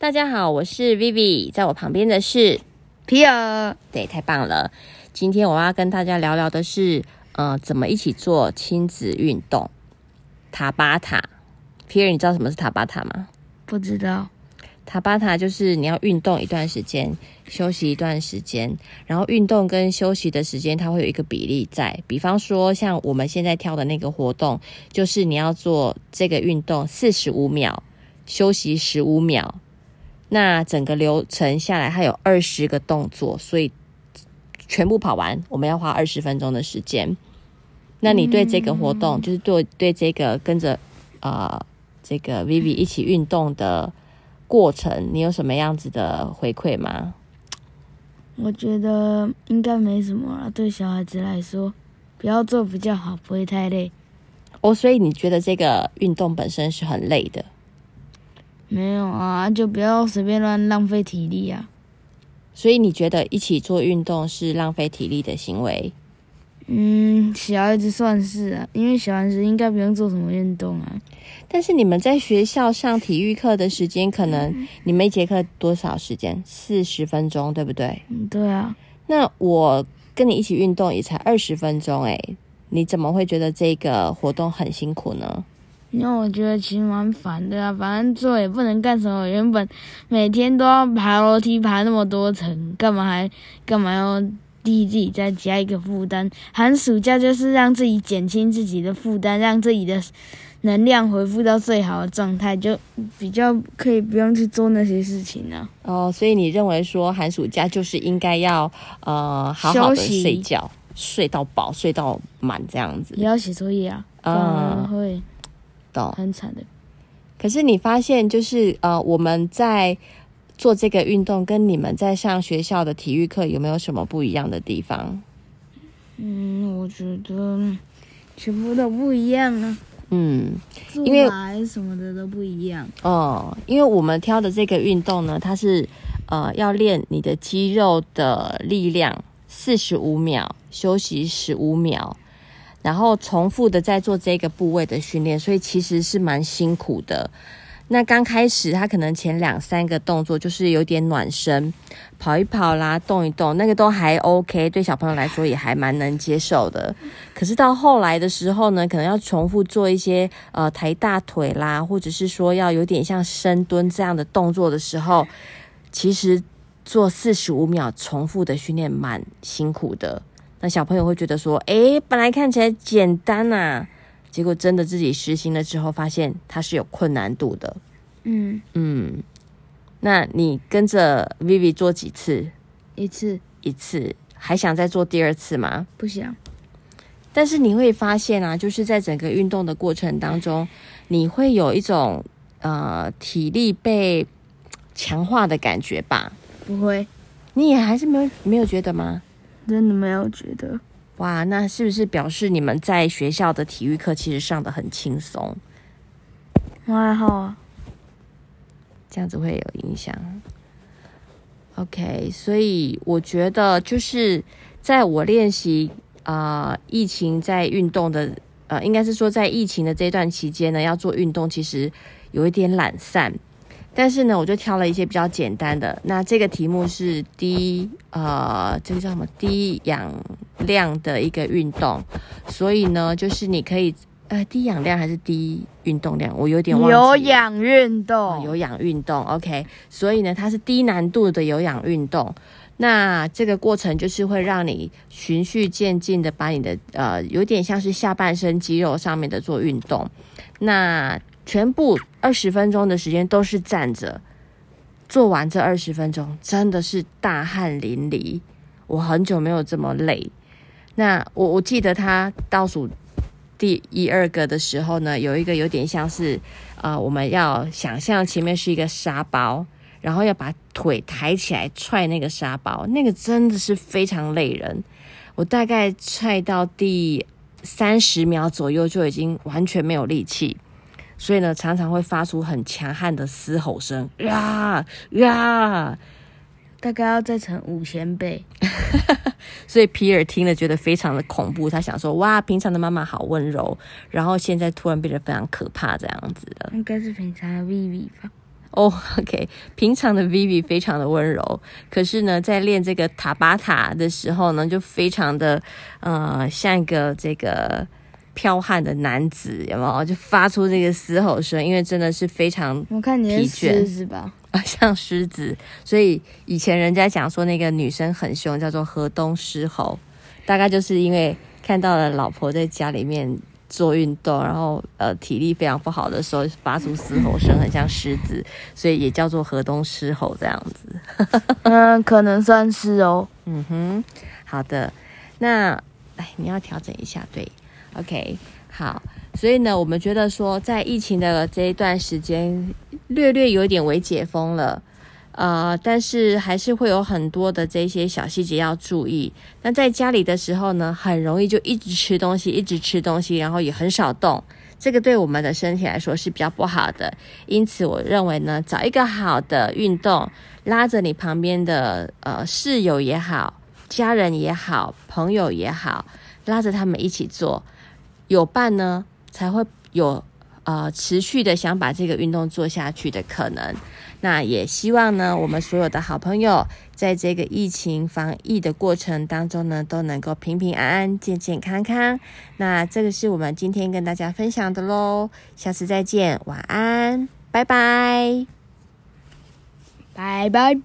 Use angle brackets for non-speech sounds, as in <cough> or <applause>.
大家好，我是 Vivi，在我旁邊的是 Pierre。對，太棒了！今天我要跟大家聊聊的是，呃，怎麼一起做親子運動，塔巴塔。Pierre，你知道什麼是塔巴塔嗎？不知道。塔巴塔就是你要運動一段時間，休息一段時間，然後運動跟休息的時間，它會有一個比例在。比方說，像我們現在跳的那個活動，就是你要做這個運動四十五秒，休息十五秒。那整個流程下來，還有二十個動作，所以全部跑完，我們要花二十分鐘的時間。那你對這個活動，嗯、就是對對這個跟着啊、呃、這個 Vivi 一起運動的過程，你有什麼樣子的回饋嗎？我覺得應該沒什麼了。對小孩子來說，不要做比較好，不會太累。哦，所以你覺得這個運動本身是很累的？沒有啊，就不要隨便亂浪費體力啊。所以你覺得一起做運動是浪費體力的行為？嗯，小孩子算是啊，因為小孩子應該不用做什麼運動啊。但是你們在學校上體育課的時間，可能你每節課多少時間？四十分鐘，對不對？嗯，對啊。那我跟你一起運動也才二十分鐘誒，你怎麼會覺得這個活動很辛苦呢？那我覺得其實蠻煩的啊，反正做也不能幹什麼。原本每天都要爬樓梯，爬那麼多層，幹嘛還幹嘛要替自己再加一個負擔？寒暑假就是讓自己減輕自己的負擔，讓自己的能量恢復到最好的狀態，就比較可以不用去做那些事情了啊。哦，所以你認為說寒暑假就是應該要呃好好的睡覺，休息，睡到飽，睡到滿這樣子，你要寫作業啊？嗯，會。對。很慘的，可是你發現就是呃，我們在做這個運動跟你們在上學校的體育課有沒有什麼不一樣的地方？嗯，我覺得全部都不一樣啊。嗯，因為來什麼的都不一樣。哦，嗯，因為我們挑的這個運動呢，它是呃要練你的肌肉的力量45秒，四十五秒休息十五秒。然後重複的在做這個部位的訓練，所以其實是蠻辛苦的。那剛開始他可能前兩三個動作就是有點暖身，跑一跑啦，動一動，那個都還 OK，對小朋友來說也還蠻能接受的。可是到後來的時候呢，可能要重複做一些呃抬大腿啦，或者是說要有點像深蹲這樣的動作的時候，其實做四十五秒重複的訓練蠻辛苦的。那小朋友會覺得說：“誒，本來看起來簡單吶，啊，結果真的自己實行了之後，發現它是有困難度的。嗯”嗯嗯。那你跟着 Vivi 做幾次？一次一次，還想再做第二次嗎？不想。但是你會發現啊，就是在整個運動的過程當中，你會有一種呃體力被強化的感覺吧？不會，你也還是沒有沒有覺得嗎？真的沒有覺得哇，那是不是表示你們在學校的體育課其實上得很輕鬆？我還好啊，這樣子會有影響。OK，所以我覺得就是在我練習啊，疫情在運動的呃，應該是說在疫情的這段期間呢，要做運動，其實有一點懶散。但是呢，我就挑了一些比較簡單的。那這個題目是低呃，這個叫什麼？低氧量的一個運動。所以呢，就是你可以呃，低氧量還是低運動量？我有點忘記了有、哦。有氧運動。有氧運動，OK。所以呢，它是低難度的有氧運動。那這個過程就是會讓你循序漸進的把你的呃，有點像是下半身肌肉上面的做運動。那。全部二十分鐘的時間都是站着，做完這二十分鐘真的是大汗淋漓。我很久沒有這麼累。那我我記得他倒數第一二個的時候呢，有一個有點像是，呃，我們要想象前面是一個沙包，然後要把腿抬起來踹那個沙包，那個真的是非常累人。我大概踹到第三十秒左右就已經完全沒有力氣。所以呢，常常會發出很強悍的嘶吼聲，呀、啊、呀，啊，大概要再乘五千倍。 <laughs> 所以 Pierre 聽了覺得非常的恐怖，他想說：哇，平常的媽媽好溫柔，然後現在突然變得非常可怕，這樣子的。應該是平常的 Vivi 吧？哦、oh，OK，平常的 Vivi 非常的溫柔，可是呢，在練這個塔巴塔的時候呢，就非常的呃，像一個這個。彪悍的男子有沒有，就發出這個嘶吼聲？因為真的是非常，我看你的獅子吧，像獅子。所以以前人家講說那個女生很兇，叫做河東獅吼，大概就是因為看到了老婆在家裡面做運動，然後呃體力非常不好的時候發出嘶吼聲，很像獅子，所以也叫做河東獅吼這樣子。 <laughs> 嗯，可能算是哦。嗯哼，好的，那哎，你要調整一下，對。OK，好，所以呢，我們覺得說，在疫情的這一段時間，略略有點微解封了，呃，但是還是會有很多的這些小細節要注意。那在家裡的時候呢，很容易就一直吃東西，一直吃東西，然後也很少動，這個對我們的身體來說是比較不好的。因此，我認為呢，找一個好的運動，拉着你旁邊的呃室友也好，家人也好，朋友也好，拉着他們一起做。有伴呢，才會有呃持續的想把這個運動做下去的可能。那也希望呢，我們所有的好朋友，在這個疫情防疫的過程當中呢，都能夠平平安安、健健康康。那這個是我們今天跟大家分享的嘍，下次再見，晚安，拜拜，拜拜。